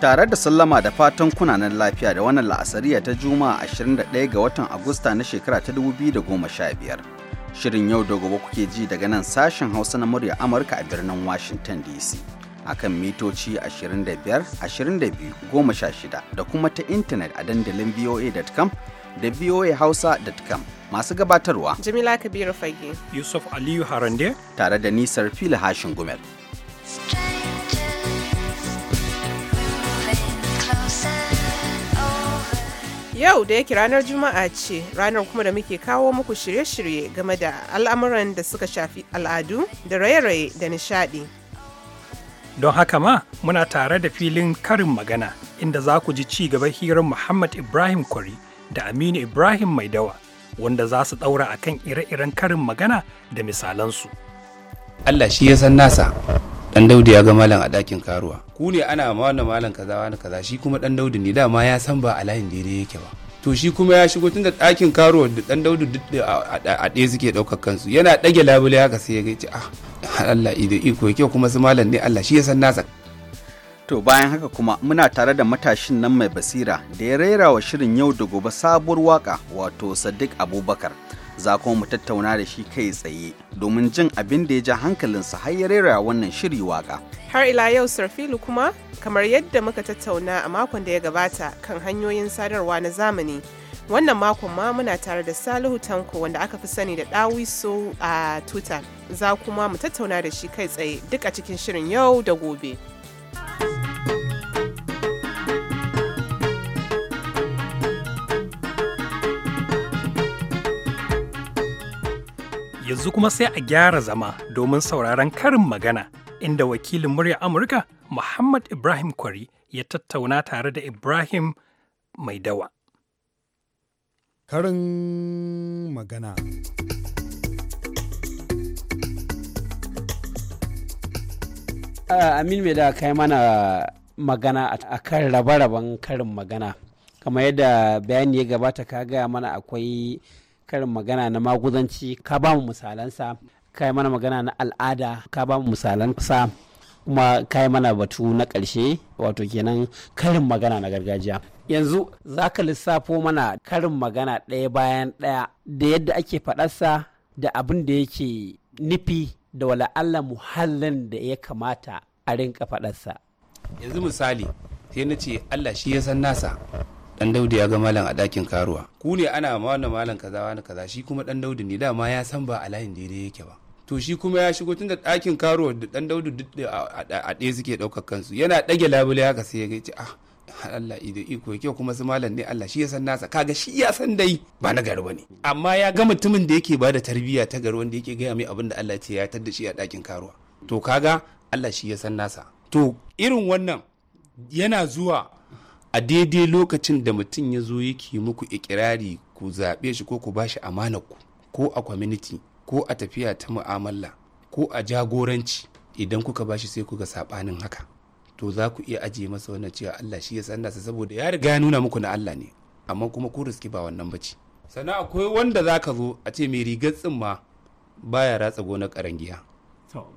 tare da sallama da fatan kunanan lafiya da wannan la'asariya ta juma'a 21 ga watan agusta na shekara ta 2015 shirin yau da gobe kuke ji daga nan sashen hausa na murya amurka a birnin washington dc akan mitoci 25 22 16 da kuma ta intanet a dandalin voa.com da voahausa.com masu gabatarwa Jamila Kabiru Fage Yusuf Aliyu Harande tare da nisar fila hashin gumel. Yau da yake ranar Juma'a ce ranar kuma da muke kawo muku shirye-shirye game da al'amuran da suka shafi al'adu da raye-raye da nishadi. Don haka ma muna tare da filin karin magana inda za ku ji ci gaban hirar Muhammad Ibrahim Kwari da Aminu Ibrahim Maidawa wanda za su ɗaura a kan ire-iren karin magana da misalansu. Allah shi ya san nasa dan daudi ya ga malam a ɗakin karuwa ku ne ana ma wannan malam kaza wani kaza shi kuma dan daudi ne dama ya san ba a layin daidai yake ba to shi kuma ya shigo tunda ɗakin karuwa da dan daudi duk a ɗaya suke ɗaukar kansu yana ɗage labule haka sai ya ga ce ah Allah ido iko kyau kuma su malam ne Allah shi ya san nasa To bayan haka kuma muna tare da matashin nan mai basira da ya rera wa shirin yau da gobe sabuwar waka wato Sadiq Abubakar. Za kuma mu tattauna da shi kai tsaye domin jin abin da ya ja hankalinsa har ya rera wannan shiri waka. Har ila yau Sarfilu kuma kamar yadda muka tattauna a makon da ya gabata kan hanyoyin sadarwa na zamani. Wannan makon ma muna tare da Salihu Tanko wanda aka fi sani da Dawiso a Twitter. Za kuma mu tattauna da shi kai tsaye duk a cikin shirin yau da gobe. yanzu kuma sai a gyara zama domin sauraron karin magana inda wakilin murya Amurka Muhammad Ibrahim Kwari ya tattauna tare da Ibrahim mai dawa. Karin magana ah, Amin mai da kai mana magana a kan rabe-raben karin magana. kamar yadda bayani ya gabata ka gaya mana akwai karin magana na maguzanci ka ba mu misalansa ka yi mana magana na al'ada ka ba mu misalansa kuma kai mana batu na ƙarshe wato kenan karin magana na gargajiya yanzu za ka lissafo mana karin magana ɗaya bayan ɗaya da yadda ake faɗarsa da abin da yake nufi da wala'alla muhallin da ya kamata a rinka faɗarsa yanzu misali sai na ce allah shi ya san nasa dan daudu ya ga malam a dakin karuwa ku ne ana ma wannan malam kaza wani kaza shi kuma dan daudu ne dama ya san ba a layin daidai yake ba to shi kuma ya shigo tun da dakin karuwa da dan daudu duk a ɗaya suke ɗaukar kansu yana ɗage labule haka sai ya ce ah Allah ido iko yake kuma su malam ne Allah shi ya san nasa kaga shi ya san dai ba na garba ne amma ya ga mutumin da yake bada tarbiyya ta garwan wanda yake gaya mai abin da Allah ce ya tar shi a dakin karuwa to kaga Allah shi ya san nasa to irin wannan yana zuwa a daidai lokacin da mutum ya zo yake muku ikirari ku zaɓe shi ko ku ba shi ku ko a kwaminiti ko a tafiya ta mu'amala ko a jagoranci idan kuka ba shi sai kuga saɓanin haka to za ku iya ajiye masa wannan cewa Allah shi ya san nasa saboda ya riga ya nuna muku na Allah ne amma kuma ku riski ba wannan bace sannan akwai wanda za ka zo a ce mai rigar tsimma baya ratsa gonar karangiya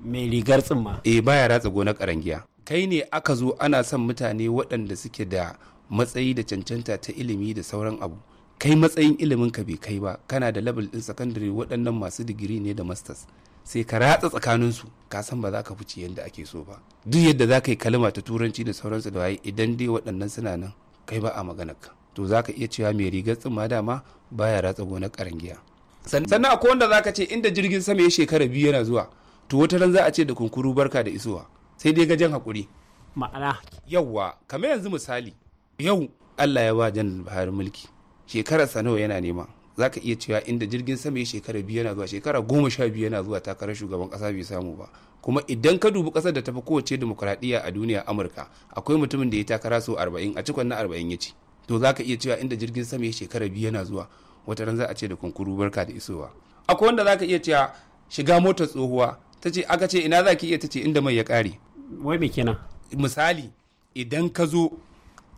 mai rigar tsimma eh baya ratsa gonar karangiya kai ne aka zo ana son mutane waɗanda suke da matsayi da cancanta ta ilimi da sauran abu kai matsayin ilimin ka bai kai ba kana da level din sakandare waɗannan masu digiri ne da masters sai ka ratsa tsakanin su ka san ba za ka fice yadda ake so ba duk yadda za ka yi kalma ta turanci da sauransu da waye idan dai waɗannan suna nan kai ba a maganar ka to za ka iya cewa mai rigar tsumma dama baya ratsa gonar karangiya sannan akwai wanda za ka ce inda jirgin sama ya shekara biyu yana zuwa to wata ran za a ce da kunkuru barka da isowa sai dai gajen hakuri ma'ana yauwa kamar yanzu misali yau Allah ya ba janar Buhari mulki shekararsa nawa yana nema za ka iya cewa inda jirgin sama ya shekara biyu yana zuwa shekara goma sha biyu yana zuwa takarar shugaban kasa bai samu ba kuma idan ka dubi kasar da tafi kowace demokuraɗiyya a duniya amurka akwai mutumin da ya takara sau arba'in a cikon na arba'in ya ci to za ka iya cewa inda jirgin sama ya shekara biyu yana zuwa wata ran za a ce da kunkuru barka da isowa akwai wanda za ka iya cewa shiga motar tsohuwa ta ce aka ce ina za ki iya ta ce inda mai ya kare wai mai kenan misali idan ka zo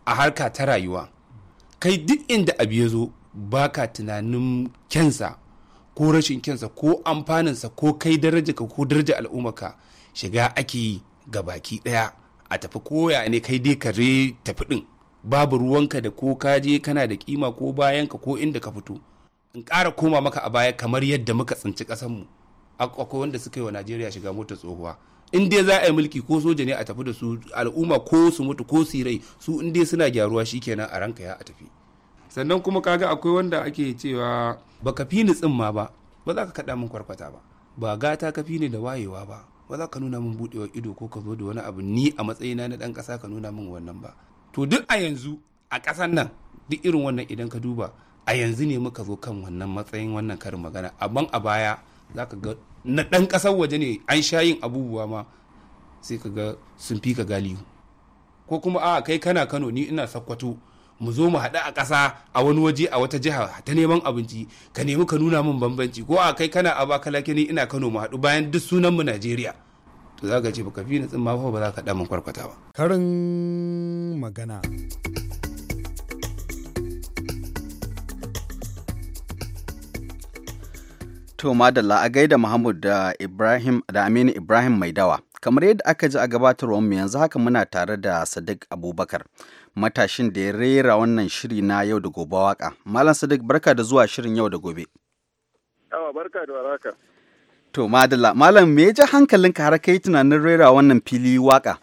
a harka ta rayuwa kai duk inda abu ya zo ba ka tunanin kyansa ko rashin kyansa ko amfaninsa ko kai daraja ka ko daraja al'umma ka shiga ake yi ga baki daya a tafi koya ne kai dai ka kare tafi din babu ruwanka da ko ka je kana da kima ko bayanka ko inda ka fito in ƙara koma maka a baya kamar yadda muka tsinci ƙasanmu akwai wanda suka yi wa najeriya shiga motar tsohuwa in dai za a yi mulki ko soja ne a tafi da su al'umma ko su mutu ko su rai su in dai suna gyaruwa shikenan a ranka ya a tafi sannan kuma kaga akwai wanda ake cewa ba ka fi ni tsimma ba ba za ka kaɗa min kwarkwata ba ba gata ka fi ni da wayewa ba ba za ka nuna min buɗewar ido ko ka zo da wani abu ni a matsayina na ɗan ƙasa ka nuna min wannan ba to duk a yanzu a ƙasan nan duk irin wannan idan ka duba a yanzu ne muka zo kan wannan matsayin wannan karin magana amma a baya za ka ga na ɗan ƙasar waje ne an sha yin abubuwa ma sai ka ga sun fi ka galihu ko kuma a kai kana kano ni ina sakkwato mu zo mu haɗu a ƙasa a wani waje a wata jiha ta neman abinci ka nemi ka nuna min bambanci ko a kai kana a ni ina kano mu haɗu bayan duk sunan mu najeriya to za ka ce baka fi na tsimma ba za ka ɗamin kwarkwata ba karin magana To madalla a gaida Muhammad da Ibrahim da Aminu Ibrahim mai dawa. Kamar yadda aka ji a gabatarwar mu yanzu haka muna tare da Sadiq Abubakar, matashin da ya rera wannan shiri na yau da gobe waka. Malam Sadiq barka da zuwa shirin yau da gobe. Yawa barka da waraka. To madalla, malam me ya ji hankalinka har kai tunanin rera wannan fili waka?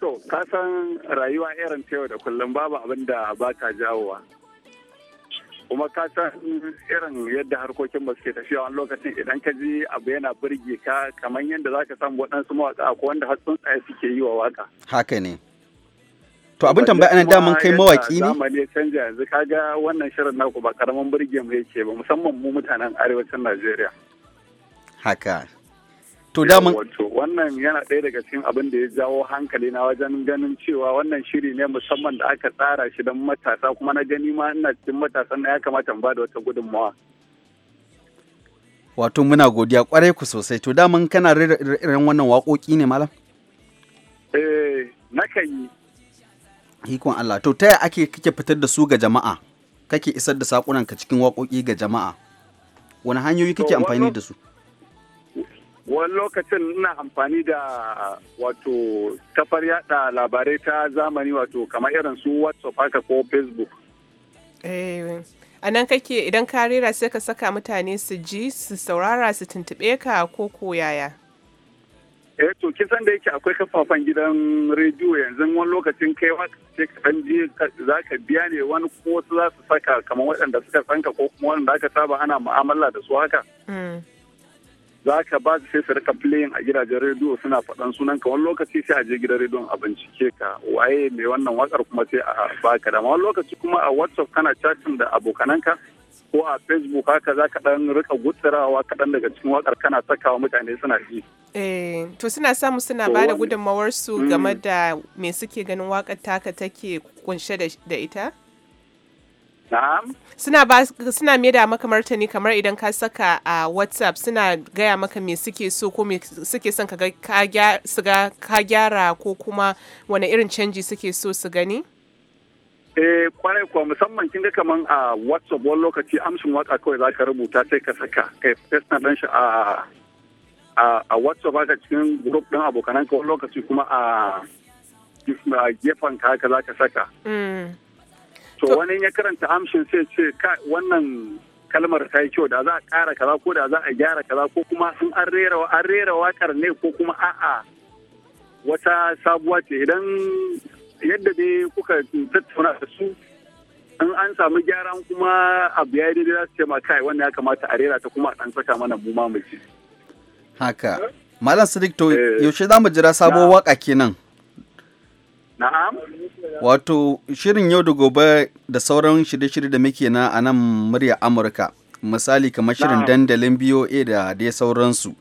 To, ka san rayuwa irin ta yau da kullum babu abin da ba ta jawowa. kuma ka san irin yadda harkokin ba suke tafiya wani lokacin idan ka ji abu yana burge ka kamar yadda za ka samu waɗansu mawaƙa ko wanda har tsaye suke yi wa waƙa. haka ne to abin tambaya ana daman kai mawaƙi ne zamani ya canja yanzu ka ga wannan shirin naku ba karamin burge mu yake ba musamman mu mutanen arewacin najeriya haka To daman wato wannan yana ɗaya daga cikin abin da ya jawo hankali na wajen ganin cewa wannan shiri ne musamman da aka tsara shi don matasa kuma na gani ma ina cikin matasan na ya kamata ba da wata gudunmawa. Wato muna godiya kwarai ku sosai to da mun kana rera irin wannan waƙoƙi ne malam? Eh nakan yi. Hikon Allah to taya ake kake fitar da su ga jama'a? Kake isar da ka cikin waƙoƙi ga jama'a? Wani hanyoyi kake amfani da su? wani lokacin ina amfani da wato kafar yada labarai ta zamani wato kamar irin su whatsapp haka ko facebook eh, a nan kake idan ka rera sai ka saka mutane su ji su saurara su tuntube ka ko koyaya eh to kisan da yake akwai kafafen gidan rediyo yanzu wani lokacin kai sai ka san ji za ka biya ne wani ko wasu za su saka kamar waɗanda suka sanka ko kuma waɗanda aka saba ana mu'amala da su haka mm. za ka ba sai su rika playing a gidajen rediyo suna faɗan sunan ka wani lokaci sai a je gidan rediyon a bincike ka waye mai wannan wakar kuma sai a baka da wani lokaci kuma a whatsapp kana chatting da abokananka ko a facebook haka za ka dan rika gutsirawa kaɗan daga cikin wakar kana sakawa mutane suna ji. Eh, to suna samu suna ba da gudummawar su mm. game da me suke ganin wakar taka take kunshe da ita? Suna ba suna me da maka martani kamar idan ka saka a WhatsApp suna gaya maka me suke so ko me suke son ka ga ka gyara ko kuma wani irin canji suke so su gani? Eh kwarai kuwa musamman kin ga kaman a WhatsApp wani lokaci amshin waka kawai za ka rubuta sai ka saka kai fesna dan shi a a WhatsApp haka cikin group din abokanan ka wani lokaci kuma a gefen ka ka za ka saka. Mm. to wani ya karanta amshin sai ce wannan kalmar ta yi kyau da za a kara kaza ko da za a gyara kaza ko kuma sun an rera an rera wakar ne ko kuma a'a wata sabuwa ce idan yadda dai kuka tattauna da su in an samu gyaran kuma abu ya daidai za su ce ma kai wannan ya kamata a rera ta kuma a saka mana mu ma mu Haka. Malam Sadiq to eh. yaushe za mu jira sabuwar waka kenan? Na'am. Wato shirin yau da gobe da sauran shirye-shirye da muke na a nan murya Amurka, misali kamar shirin dandalin BOA da dai sauransu.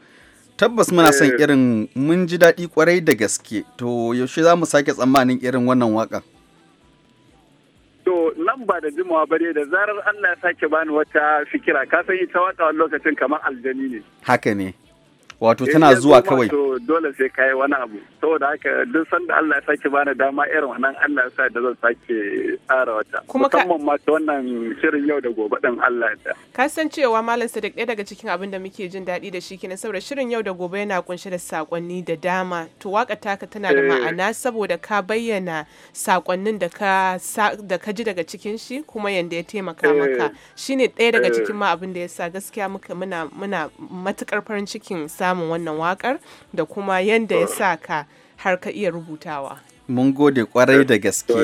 Tabbas muna son eh. irin mun ji daɗi kwarai da gaske, to yaushe za mu sake tsammanin irin wannan waƙa. To ba da jimawa bare da zarar Allah ya sake bani wata fikira, ka san ita wata lokacin kamar aljani ne. Haka ne. wato tana zuwa kawai dole sai kai wani abu saboda haka duk sanda Allah ya sake bani dama irin wannan Allah ya sa da zan sake tsara wata musamman ma ta wannan shirin yau da gobe din Allah ya ka san cewa malam Sadiq ɗaya daga cikin abin da muke jin daɗi da shi kenan saboda shirin yau da gobe yana kunshe da sakonni da dama to waka taka tana da eh. ma'ana saboda ka bayyana sakonnin da ka da ka ji daga cikin shi kuma yanda ya taimaka eh. maka shine ɗaya daga eh. cikin ma abin da ya sa gaskiya muka muna muna matukar farin cikin sa samun wannan wakar da kuma yadda ya sa ka har ka iya rubutawa. Mun gode kwarai da gaske.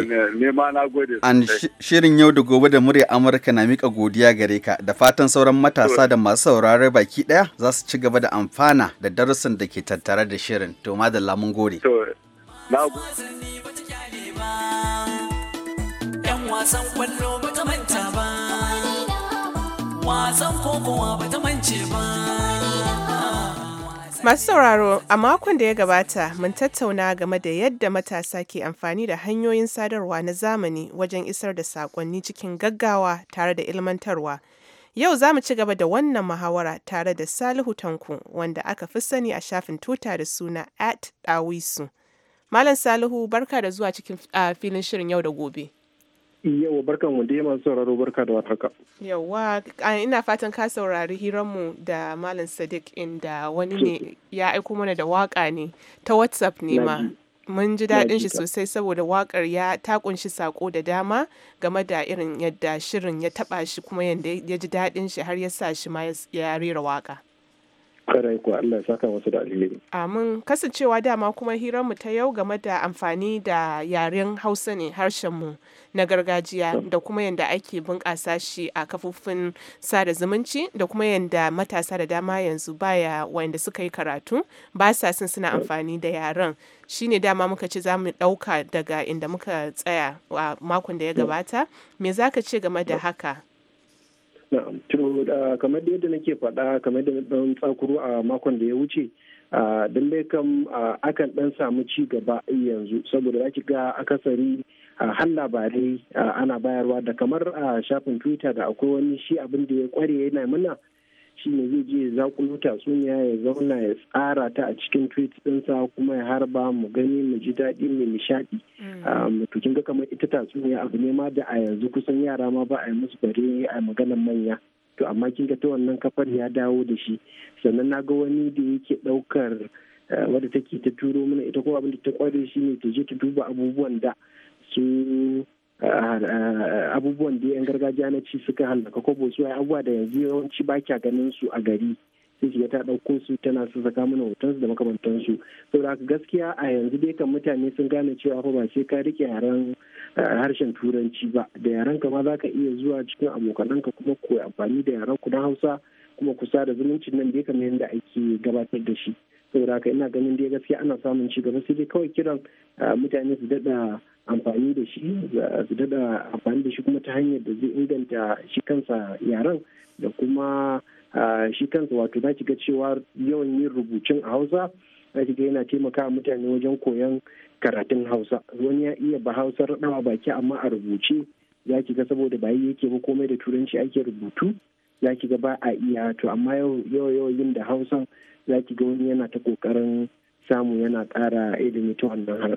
An shirin yau da gobe da murya Amurka na mika godiya gare ka da fatan sauran matasa da masu saurare baki daya za su ci gaba da amfana da darussan da ke tattare da shirin. To madalla mun gode. wasan kwallo wasan kokowa ba ta mance ba. Masu sauraro, a makon da ya gabata mun tattauna game da yadda matasa ke amfani da hanyoyin sadarwa na zamani wajen isar da sakonni cikin gaggawa tare da ilmantarwa. Yau za mu ci gaba da wannan muhawara tare da Salihu Tanku wanda aka fi sani a shafin tuta da suna at Dawisu. Malam Salihu barka da zuwa cikin filin shirin yau da gobe. Yau barkan mu dai masu sauraro barka da warhaka. Yawwa ina fatan ka saurari hiranmu da Malam Sadiq inda wani ne ya aiko mana da waka ne ta WhatsApp ne ma. Mun ji daɗin shi sosai saboda wakar ya ta kunshi sako da dama game da irin yadda shirin ya taɓa shi kuma yadda ya ji daɗin shi har ya sa shi ma ya rera waka. Karai kuwa Allah saka wasu da alheri. Amin kasancewa dama kuma mu ta yau game da amfani da yaren Hausa ne harshen mu na gargajiya da kuma yadda ake bunƙasa shi a kafofin sada zumunci da kuma yadda matasa da dama yanzu baya wanda suka yi karatu ba sa son suna amfani da yaren shine dama muka ce za mu ɗauka daga inda muka tsaya a makon da ya gabata me za ka ce game da haka to kamar da yadda nake faɗa kamar da ɗan tsakuru a makon da ya wuce lallai kam akan ɗan samu ci gaba yanzu saboda za ki ga akasari har labarai ana bayarwa da kamar a shafin twitter da akwai wani shi abin da ya kware yana mana shi zai je zakulo tatsuniya ya zauna ya tsara ta a cikin tweet ɗinsa kuma ya harba mu gani mu ji daɗi mu nishaɗi mm. ah, to kin ga kamar ita tatsuniya abu ne ma da a yanzu kusan yara ma ba a yi musu bare a maganar manya to amma kin ga ta wannan kafar ya dawo da shi sannan na ga wani da yake ɗaukar eh, wadda take ta turo mana ita ko abin da ta kware shi ne ta je ta duba abubuwan da su Eh, abubuwan da yan gargajiya na ci suka hallaka kobo su abubuwa da yanzu yawanci ba kya ganin su a gari sai shiga ta ɗauko su tana su saka mana su da su saboda haka gaskiya a yanzu dai kan mutane sun gane cewa ko ba sai ka rike yaren eh, harshen turanci ba da yaren ka ma za ka iya zuwa cikin abokananka kuma ku amfani da yaren ku na hausa kuma kusa da zumuncin nan dai kamar yadda ake gabatar da shi saboda haka ina ganin dai gaskiya ana samun ci gaba sai dai kawai kiran mutane su dada amfani da shi su daɗa amfani da shi kuma ta hanyar da zai inganta shi kansa yaren da kuma shi kansa wato za ki ga cewa yawan yin rubucin a hausa za ki ga yana taimakawa mutane wajen koyon karatun hausa wani ya iya ba hausa raɗawa baki amma a rubuce za ki ga saboda bayi yake ba komai da turanci ake rubutu za ki ga ba a iya to amma yau yau yin da hausan za ki ga wani yana ta kokarin samu yana ƙara ilimi ta wannan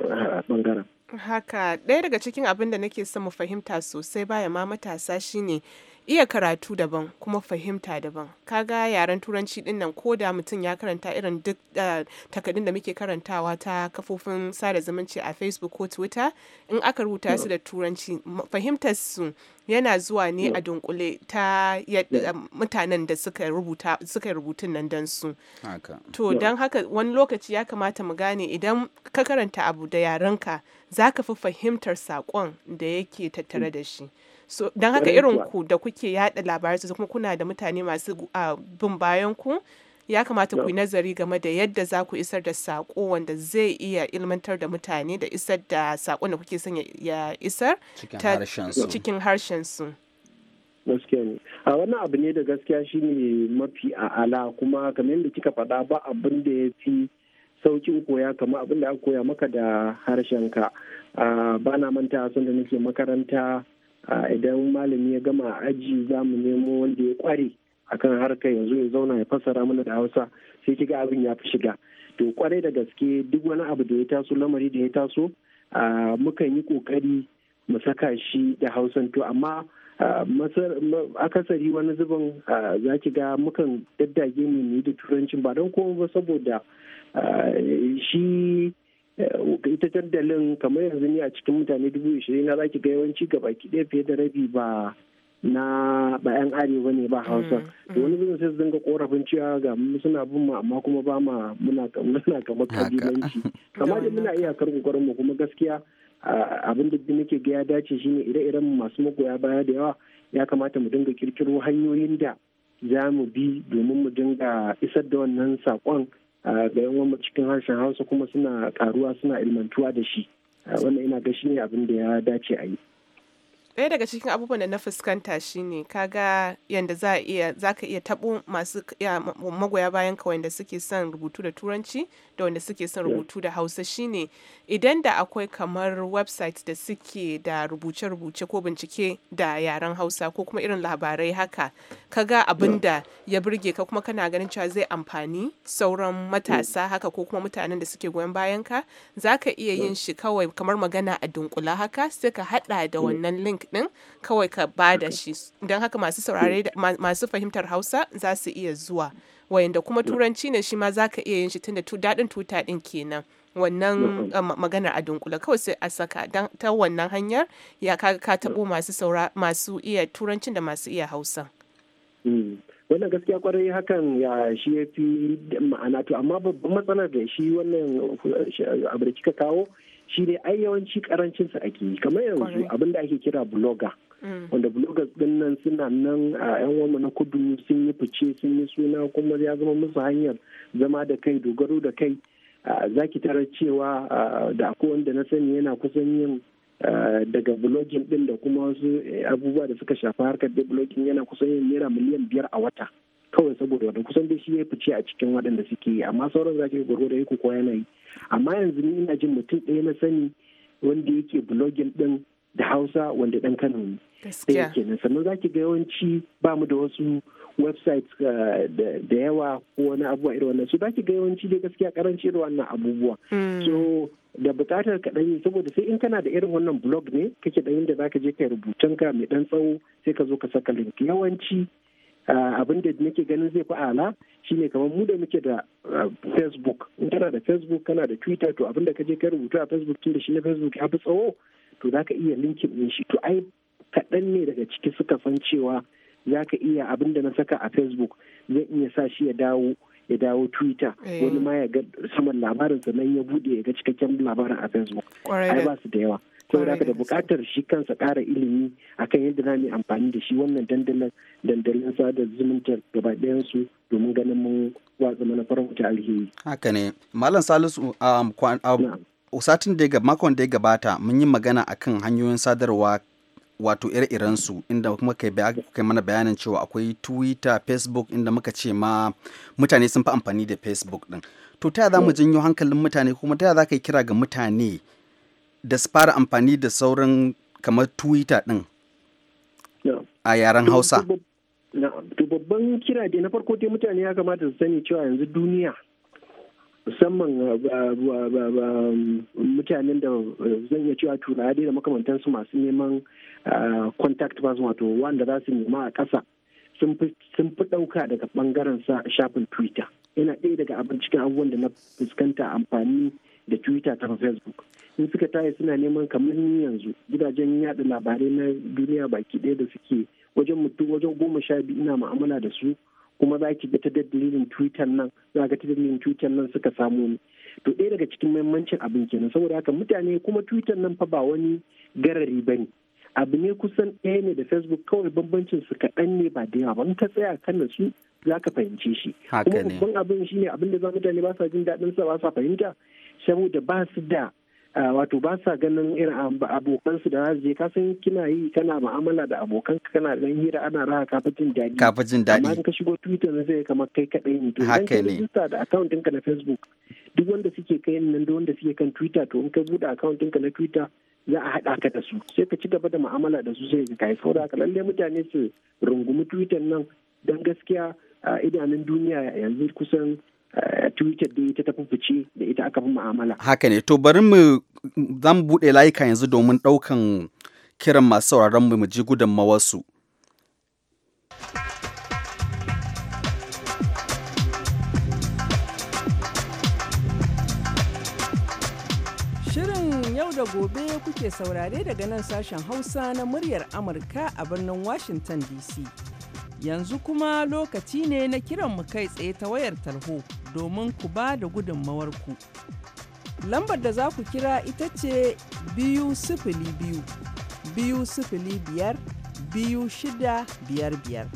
bangaren. Haka ɗaya daga cikin abin da nake son mu fahimta sosai baya ma matasa shine iya karatu daban kuma fahimta daban kaga yaren turanci din ko da mutum ya karanta irin duk eh, takardun da muke karantawa ta kafofin sada zumunci a facebook ko twitter in aka rubuta su da turanci fahimtar su yana zuwa ne a dunkule ta eh, mutanen da suka rubuta suka rubutun nan dan su to dan haka wani lokaci ya kamata mu gane idan ka karanta abu da yarenka zaka fi fahimtar saƙon da yake tattare da shi so don haka irin ku da kuke yada labarai su kuma kuna da mutane masu bin bayan ku ya kamata ku yi nazari game da yadda za ku isar da sako wanda zai iya ilmantar da mutane da isar da sako da kuke son ya isar cikin harshen a wannan abu ne da gaskiya shine mafi a'ala kuma kamar yadda kika faɗa ba abin da ya fi saukin koya kamar abin da aka koya maka da harshenka ba na manta sun da nake makaranta idan malami ya gama aji za mu nemo wanda ya kware akan harka yanzu ya zauna ya fassara mana da hausa sai kiga abin ya fi shiga to kwarai da gaske duk wani abu da ya taso lamari da ya taso mukan yi kokari mu saka shi da hausan to amma akasari wani zubin za ki ga mukan daddage ne mu yi da turancin ba don komai ba saboda shi Eh, ita dandalin kamar yanzu ni a cikin mutane dubu ishirin na zaki ga yawanci ga baki ɗaya fiye da rabi ba na ba yan arewa ne ba hausa mm, to wani mm. zai sai dinga korafin cewa ga mu suna bin mu amma kuma ba ma muna muna kamar kabilanci kamar da muna iya kokarin mu kuma gaskiya abin da nake ga ya dace shine ire-iren masu magoya baya da yawa ya kamata mu dinga kirkiro hanyoyin da za mu bi domin mu dinga isar da wannan saƙon. ga yawan cikin harshen hausa kuma suna karuwa suna ilmantuwa da shi wannan ina ga shi ne abin da ya dace a yi ɗaya daga cikin abubuwan da na fuskanta shine kaga ka za iya za ka iya taɓo masu magoya bayan ka wanda suke son rubutu da turanci da wanda suke son rubutu da hausa shine idan da akwai kamar website da suke da rubuce-rubuce ko bincike da yaren hausa ko kuma irin labarai haka kaga abin da ya burge ka kuma kana ganin cewa zai amfani sauran matasa haka ko kuma mutanen da suke goyon bayan ka za ka iya yin shi kawai kamar magana a dunkula haka sai ka haɗa da wannan link link din kawai ka ba da shi don haka masu saurare masu fahimtar hausa za su iya zuwa wayanda kuma turanci ne shi ma za ka iya yin shi tunda daɗin tuta ɗin kenan wannan um, maganar a dunkula kawai sai a saka ta wannan hanyar ya kaga ka taɓo masu saura masu iya turancin da masu iya hausa. Mm. wannan gaskiya kwarai hakan ya shi ya fi ma'ana to amma babban matsalar da shi wannan uh, uh, abu da kika kawo shi ne ai yawanci karancin sa ake yi kamar yanzu abin da ake kira blogger mm. wanda bloggers din nan suna nan a yan mu na kudu sun yi fice sun yi suna kuma ya zama musu hanyar zama da kai dogaro da kai zaki ki tarar cewa da akwai wanda na sani yana kusan yin daga blogging din da kuma wasu eh, abubuwa da suka shafi harkar da blogging yana kusan yin naira miliyan biyar a wata kawai saboda wannan kusan dai shi ya fice a cikin waɗanda suke yi amma sauran zaki gwargwado yake ko yana yi amma yanzu ni ina jin mutum ɗaya na sani wanda yake blogging ɗin da hausa wanda ɗan kano ne ɗaya nan sannan zaki ga yawanci ba mu da wasu websites eh, da yawa ko wani abubuwa irin wannan su zaki ga yawanci dai gaskiya karanci irin wannan abubuwa hmm. so da bukatar ka ɗanyi saboda sai in kana da irin wannan blog ne kake da zaka je kai rubutanka mai ɗan tsawo sai ka zo ka saka link yawanci Ah, abin da nake ganin zai fi ala shine kamar mu da muke da ah, facebook in tana da facebook kana da twitter to abin da ka je ka rubuta a facebook tun da shi na facebook ya fi tsawo to za ka iya linkin din shi to ai kaɗan ne daga ciki suka san cewa za ka iya abin da na saka a facebook zai iya sa shi ya dawo ya dawo twitter eh. wani ma ya ga saman labarin sannan ya bude ya ga cikakken labarin a facebook ai ba su da yawa saboda haka da bukatar shi kansa kara ilimi akan yadda na yi amfani da shi wannan dandalin dandalin sada zumunta gaba su domin ganin mun watsa manufar wuta alheri. haka ne malam salisu um, um, satin da makon da ya gabata mun yi magana akan hanyoyin sadarwa wato ire irensu inda kuma kai mana bayanin cewa akwai twitter facebook inda muka ce ma mutane sun fi amfani da facebook din to ta za mu janyo hankalin mutane kuma ta za ka kira ga mutane da su fara amfani da sauran kamar twitter ɗin a yaren hausa to babban kira dai na farko dai mutane ya kamata su sani cewa yanzu duniya musamman ah, mutanen da eh, zan iya cewa turawa dai da makamantansu masu neman ah, contact person wato wanda za su nema a ƙasa sun fi ɗauka daga ɓangaren sa shafin twitter yana ɗaya daga abin cikin abubuwan da na fuskanta amfani da twitter ta facebook in suka taya suna neman kamar ni yanzu gidajen yada labarai na duniya baki ɗaya da suke wajen mutum wajen goma sha biyu ina ma'amala da su kuma za ki ga ta dalilin twitter nan za ga ta dalilin twitter nan suka samu ni to ɗaya daga cikin mahimmancin abin kenan saboda haka mutane kuma twitter nan fa ba wani garari ba ne abu ne kusan ɗaya ne da facebook kawai bambancin su kaɗan ne ba da yawa ba ka tsaya kan da su za ka fahimce shi kuma babban abin shine abin da za mutane ba sa jin daɗin sa ba sa fahimta saboda ba su da wato ba sa ganin irin abokansu da za su je kasan kina yi kana ma'amala da abokan kana dan hira ana raha kafa jin daɗi kafa jin daɗi amma ka shigo twitter na zai kamar kai kaɗai ne to haka ne register da account ɗinka na facebook duk wanda suke kai nan da wanda suke kan twitter to in ka buɗe account ɗinka na twitter za a haɗa ka da su sai ka ci gaba da ma'amala da su sai ka kai saboda haka lallai mutane su rungumi twitter nan dan gaskiya idanun duniya yanzu kusan Eh, Twitter da ta tafi fice da ita aka fi mu'amala. Haka ne, to bari mu zan buɗe layuka yanzu domin ɗaukan kiran masu sauraron mu ji gudunmawarsu. Shirin yau da gobe kuke saurare daga nan sashen Hausa na muryar Amurka a birnin Washington DC. Yanzu kuma lokaci ne na kiran mu kai tsaye ta wayar tarho. domin ku ba da gudunmawarku. Lambar da za ku kira ita ce biyu sifili biyu, biyu sifili biyar, biyu shida biyar biyar.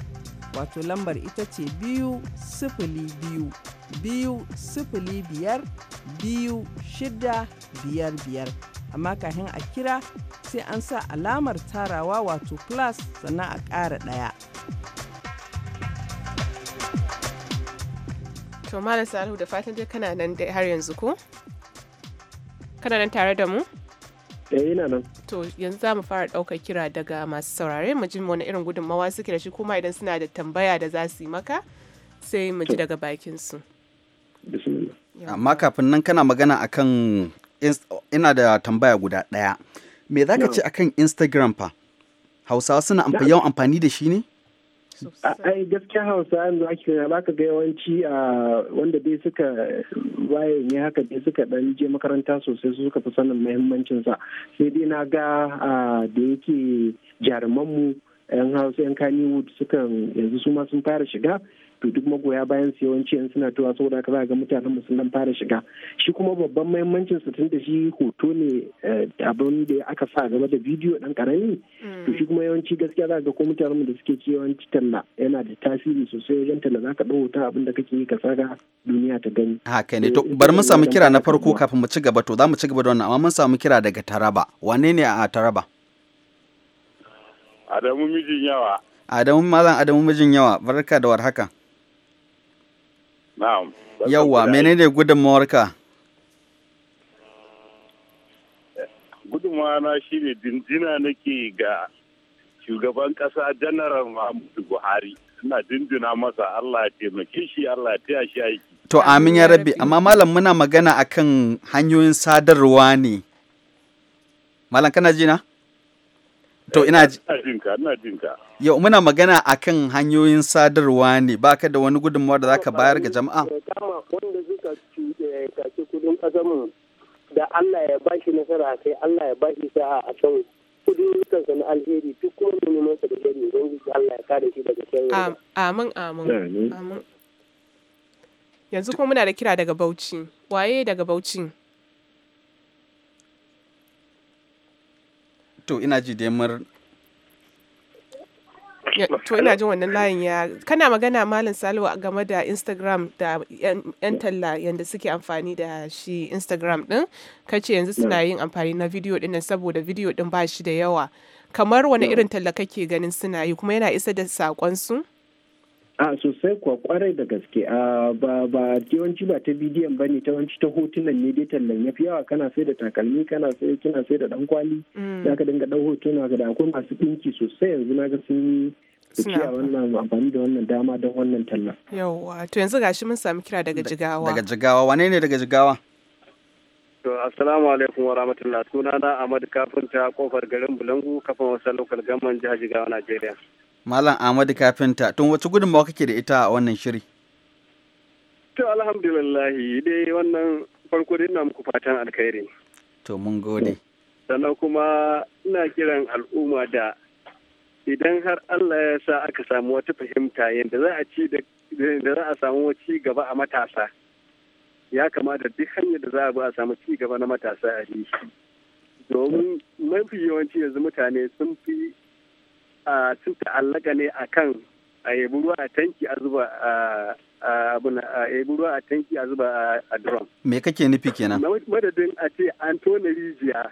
Wato lambar ita ce biyu sifili biyu, biyu sifili biyar, biyu shida biyar biyar. Amma kafin a kira sai an sa alamar tarawa wato plus sannan a ƙara ɗaya. To Malam Salihu da fatan dai kana nan dai har yanzu ko? Kana nan tare da mu? Eh ina nan. To yanzu za mu fara ɗaukar kira daga masu saurare mu ji wani irin gudunmawa suke da shi kuma idan suna da tambaya da za su yi maka sai mu ji daga bakin su. Amma kafin nan kana magana akan ina da tambaya guda ɗaya. Me za ka ce akan Instagram fa? Hausawa suna yawan amfani da shi ne? ai gaskiya hausa yanzu ake ba ka ga yawanci a wanda dai suka waye ne haka dai suka dan je makaranta sosai su suka fi sanin muhimmancinsa sai dai na ga da yake jarumanmu yan hausa yan kaniwood sukan yanzu su ma sun fara shiga to duk magoya bayan su yawanci yan suna tuwa saboda haka za ga mutanen musulman fara shiga shi kuma babban mahimmancin su tun da shi hoto ne eh, abin da aka sa game da bidiyo dan karami to shi kuma yawanci gaskiya za ga ko mutanen da suke ci yawanci talla yana da tasiri sosai wajen talla za ka ta abin da kake yi ka saka duniya ta gani haka ne eh, to eh, bar mu samu kira na farko kafin mu ci gaba to za mu ci gaba da wannan amma mun samu kira daga Taraba wane ne a Taraba Adamu mijin yawa Adamu mazan Adamu mijin yawa barka da warhaka Na'am. Yawwa menene gudunmawarka? Gudunmawa na shi ne dindina nake ga shugaban ƙasa janaral Muhammadu Buhari. Ina dindina masa Allah ya taimake shi Allah ya taya shi aiki. To amin ya rabbi amma malam muna magana akan hanyoyin sadarwa ne. Malam kana ji na? To ina jinka, ina ka. Yau muna magana akan hanyoyin sadarwa ne, ba ka da wani gudunmawa da za ka bayar ga jama'a? Kama eh, wanda suka kaci eh, kudin kasamun da Allah ya ba shi nasara sai Allah ya ba shi sa'a a can kudin kansa na alheri duk kuma da neman sa da gari don Allah ya kare shi daga sharri. Amin amin. Amin. Yanzu kuma muna da kira daga Bauchi. Waye daga Bauchi? to ina ji demar to ina jin wannan layin ya kana magana malam salwa game da instagram da yan talla yadda suke amfani da shi instagram din kace yanzu suna yin amfani na video din saboda video din ba shi da yawa kamar wani irin talla kake ganin suna yi kuma yana isa da sakon su a sosai kuwa kwarai da gaske a ba ba yawanci ba ta bidiyon ba ne ta wanci ta hotunan ne dai tallan ya fi yawa kana sai da takalmi kana sai kina sai da dan kwali mm. za ka dinga dan hotuna ga da akwai masu dinki sosai yanzu na ga sun suna wannan amfani da wannan dama don wannan tallan yawwa to yanzu gashi mun sami kira daga jigawa daga jigawa wane ne daga jigawa To assalamu alaikum wa rahmatullah sunana Ahmad Kafinta kofar garin Bulangu kafin wasa lokal gaman jihar Jigawa Najeriya. Malam Ahmadu Kafinta, tun wace gudunmawa kake da ita a wannan shiri? To alhamdulillah dai wannan farko dai ina muku fatan alkhairi. To mun gode. Sannan kuma ina kiran al'umma da idan har Allah ya sa aka samu wata fahimta yadda za a ci da za a samu ci gaba a matasa. Ya kamata duk hanyar da za a bi a samu ci gaba na matasa a domin mafi yawanci yanzu mutane sun fi sun ta'allaka ne kan a yabi ruwa a tanki a zuba a yabi ruwa a tanki a zuba a drum. Me kake nufi kenan? Madadin a ce an tona rijiya.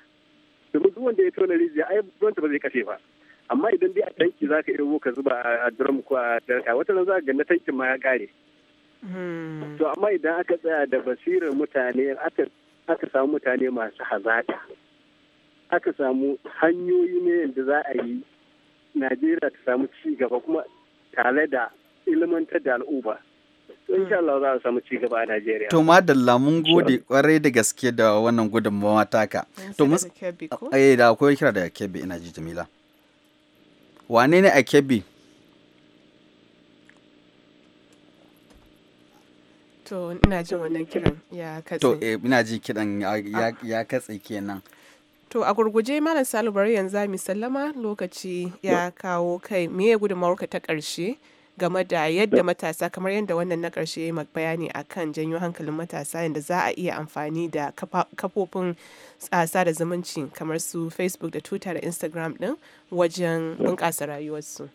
Domin duk wanda ya tona rijiya ai ruwanta ba zai kashe ba. Amma idan dai a tanki za ka iya ka zuba a drum ko a darka wata nan za ka ga na tankin ma ya kare. Hmm. To amma idan aka tsaya da basirar mutane aka samu mutane masu hazaƙa. Aka samu hanyoyi ne yadda za a yi najeriya ta samu ci gaba kuma tare da ilmantar da al'uba. to insha Allah za a samu ci gaba a Najeriya to madalla mun gode kwarai da gaske da wannan gudunmawa taka to mun eh da akwai kira da Kebbi ina ji Jamila wane ne a Kebbi to ina ji wannan kiran ya katse to eh ina ji kiran ya katse kenan To a gurguje Malam salubar bari yanzu mi sallama lokaci ya kawo kai meye gudunmawarka ta karshe game da yadda matasa kamar yadda wannan na karshe ya yi bayani a kan janyo hankalin matasa yadda za a iya amfani da kafofin tsasa da zumunci kamar su Facebook da Twitter da Instagram ɗin wajen bunƙasa rayuwarsu.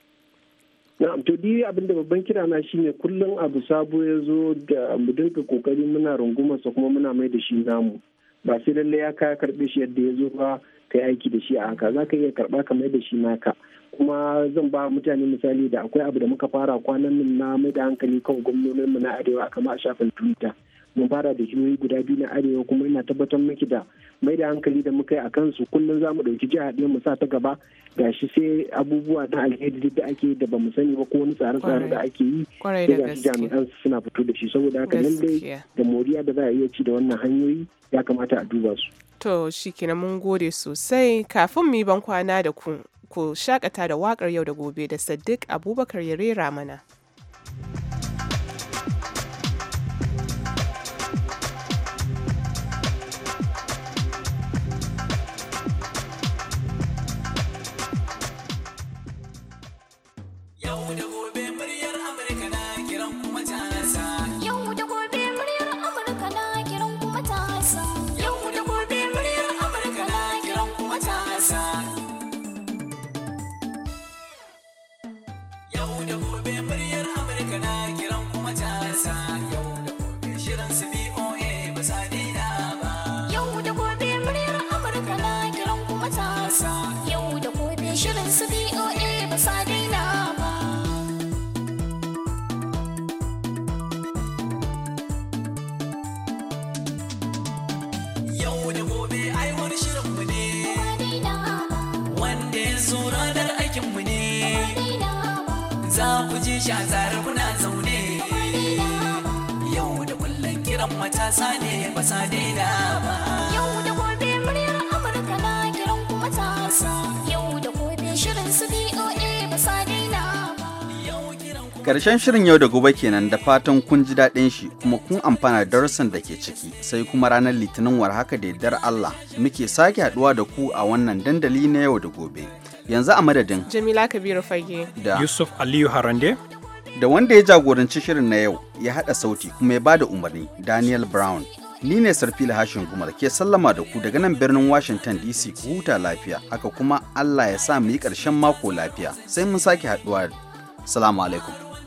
Na'am to di abin da babban kira na shine kullum abu sabo ya zo da mu dinka kokari muna rungumar sa kuma muna mai da shi namu. ba sai lallai ya kaya karɓe shi yadda ya zo ba ka yi aiki da shi a haka za ka iya karɓa kamar da shi naka kuma zan ba mutane misali da akwai abu da muka fara kwanan nan na mai da hankali kan gwamnonin mu na arewa kamar a shafin twitter mu fara da jihohi guda biyu na arewa kuma ina tabbatar miki da mai da hankali da muka yi a kansu kullum za mu ɗauki jiha ɗaya mu sa ta gaba ga shi sai abubuwa na alheri da ake da ba mu sani ba ko wani tsare-tsare da ake yi da gashi jami'an suna fito da shi saboda haka lallai da moriya da za a iya ci da wannan hanyoyi ya kamata a duba su. To shi kenan mun gode sosai kafin mu yi ban kwana da ku ku shakata da wakar yau da gobe da Sadiq Abubakar ya rera mana. wanda ya zo ranar aikinmu ne za ku ji shi a tsare kuna zaune yau da kullum kiran matasa ne ba sa daina ba Karshen shirin yau da gobe kenan da fatan kun ji daɗin shi kuma kun amfana da darussan da ke ciki sai kuma ranar litinin war haka da yardar Allah muke sake haɗuwa da ku a wannan dandali na yau da gobe. Yanzu a madadin Jamila Kabiru Fage da Yusuf Aliyu Harande da wanda ya jagoranci shirin na yau ya haɗa sauti kuma ya bada umarni Daniel Brown. Ni ne Sarfila Hashin Gumar ke sallama da ku daga nan birnin Washington DC ku huta lafiya haka kuma Allah ya sa mu yi ƙarshen mako lafiya sai mun sake haɗuwa. Salamu alaikum.